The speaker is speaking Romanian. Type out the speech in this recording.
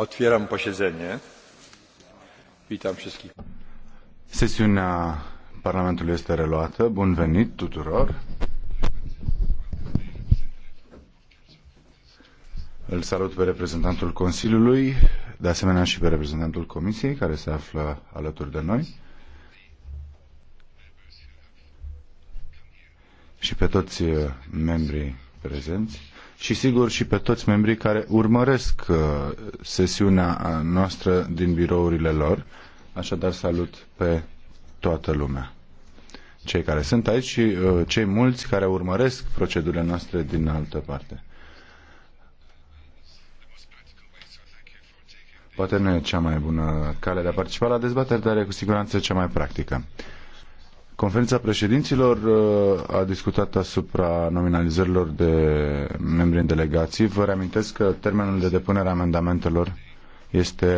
Otwieram posiedzenie. Witam wszystkich. Sesiunea Parlamentului este reluată. Bun venit tuturor. Îl salut pe reprezentantul Consiliului, de asemenea și pe reprezentantul Comisiei, care se află alături de noi. Și pe toți membrii prezenți și sigur și pe toți membrii care urmăresc uh, sesiunea uh, noastră din birourile lor. Așadar salut pe toată lumea. Cei care sunt aici și uh, cei mulți care urmăresc procedurile noastre din altă parte. Poate nu e cea mai bună cale de a participa la dezbatere, dar e cu siguranță cea mai practică. Conferința președinților uh, a discutat asupra nominalizărilor de membri în delegații. Vă reamintesc că termenul de depunere a amendamentelor este